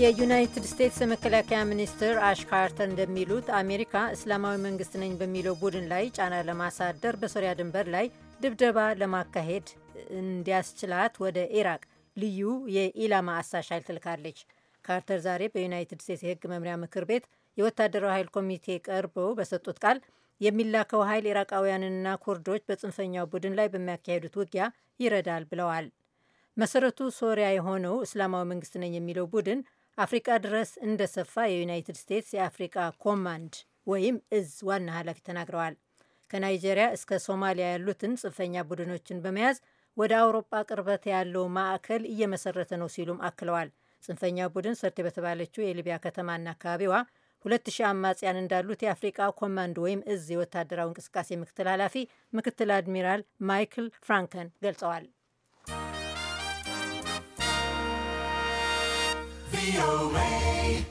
የዩናይትድ ስቴትስ የመከላከያ ሚኒስትር አሽ ካርተር እንደሚሉት አሜሪካ እስላማዊ መንግስት ነኝ በሚለው ቡድን ላይ ጫና ለማሳደር በሶሪያ ድንበር ላይ ድብደባ ለማካሄድ እንዲያስችላት ወደ ኢራቅ ልዩ የኢላማ አሳሽ ኃይል ትልካለች። ካርተር ዛሬ በዩናይትድ ስቴትስ የህግ መምሪያ ምክር ቤት የወታደራዊ ኃይል ኮሚቴ ቀርበው በሰጡት ቃል የሚላከው ኃይል ኢራቃውያንና ኩርዶች በጽንፈኛው ቡድን ላይ በሚያካሄዱት ውጊያ ይረዳል ብለዋል። መሰረቱ ሶሪያ የሆነው እስላማዊ መንግስት ነኝ የሚለው ቡድን አፍሪቃ ድረስ እንደሰፋ የዩናይትድ ስቴትስ የአፍሪቃ ኮማንድ ወይም እዝ ዋና ኃላፊ ተናግረዋል። ከናይጄሪያ እስከ ሶማሊያ ያሉትን ጽንፈኛ ቡድኖችን በመያዝ ወደ አውሮፓ ቅርበት ያለው ማዕከል እየመሰረተ ነው ሲሉም አክለዋል። ጽንፈኛ ቡድን ሰርቴ በተባለችው የሊቢያ ከተማና አካባቢዋ ሁለት ሺህ አማጽያን እንዳሉት የአፍሪቃ ኮማንድ ወይም እዝ የወታደራዊ እንቅስቃሴ ምክትል ኃላፊ ምክትል አድሚራል ማይክል ፍራንከን ገልጸዋል። your way.